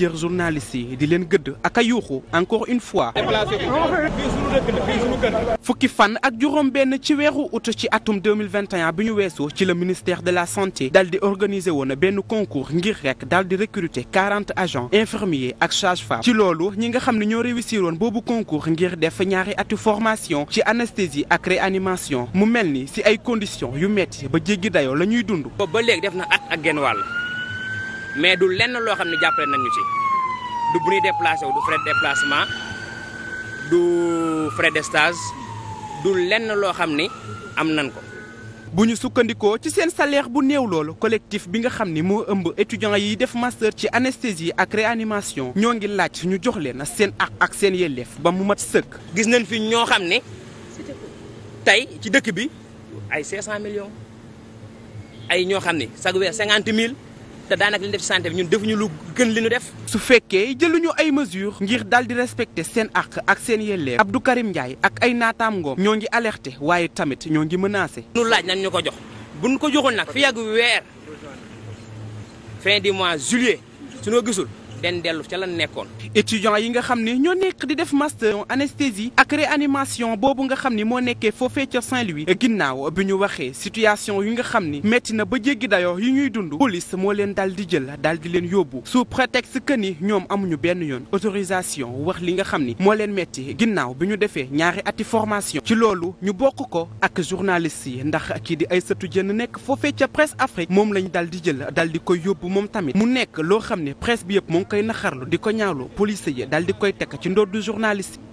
jër journaliste yi di leen gëdd ak a yuuxu encore une fois. fukki fan ak juróom benn ci weeru août ci atum 2021 bi ñu weesoo ci la ministère de la santé dal di organiser woon benn concours ngir rek dal di recruter 40 agents infirmiers ak sages-femmes ci loolu ñi nga xam ne ñoo réussir woon boobu concours ngir def ñaari at formation ci anesthésie ak réanimation mu mel ni si ay conditions yu metti ba jéggi dayoo la ñuy dund. ba léegi def na at ak genn wàll. mais du lenn loo xam ne jàppale nañu ci du bu ñuy déplacé wu du frais de déplacement du frais de stage du lenn loo xam ni am nan ko. bu ñu sukkandikoo ci seen salaire bu néew loolu collectif bi nga xam ni moo ëmb étudiants yi def master ci anesthésie ak réanimation ñoo ngi laaj ñu jox leen seen ak ak seen yelleef ba mu mat sëkk. gis nañ fi ñoo xam ne tey ci dëkk bi ay 500 millions ay ñoo xam ne chaque weer 50 te daanaka li def ci santé bi ñun defuñu lu gën li ñu def. su fekkee jëluñu ay mesures. ngir daal di respecter seen àq ak seen yelleef. Abdou Karim Ndiaye ak ay naataam ngoom. ñoo ngi alerté waaye tamit ñoo ngi menacé. nu laaj nañ ñu ko jox buñ ko joxul nag fi yàgg weer fin du mois juillet su noo gisul. den dellu ca lan nekkoon. étudiants yi nga xam ne ñoo nekk di def master anesthésie ak réanimation boobu nga xam ni moo nekkee foofee ca Saint-Louis ginnaaw bi ñu waxee situation yi nga xam ni métti na ba jeggi dayo yi ñuy dund police moo leen daal di jël daal di leen yóbbu sous prétexte que ni ñoom amuñu benn yoon autorisation wax li nga xam ni moo leen métti ginnaaw bi ñu defee ñaari ati formation ci loolu ñu bokk ko ak journaliste yi ndax kii di Aïssatou Diène nekk foofee ca presse moom lañ daal di jël daal di koy yóbbu moom mu nekk loo xam ne presse bi yëpp moom koy naxarlu di ko ñaawlu police yi daal di koy tekk ci ndoddu journaliste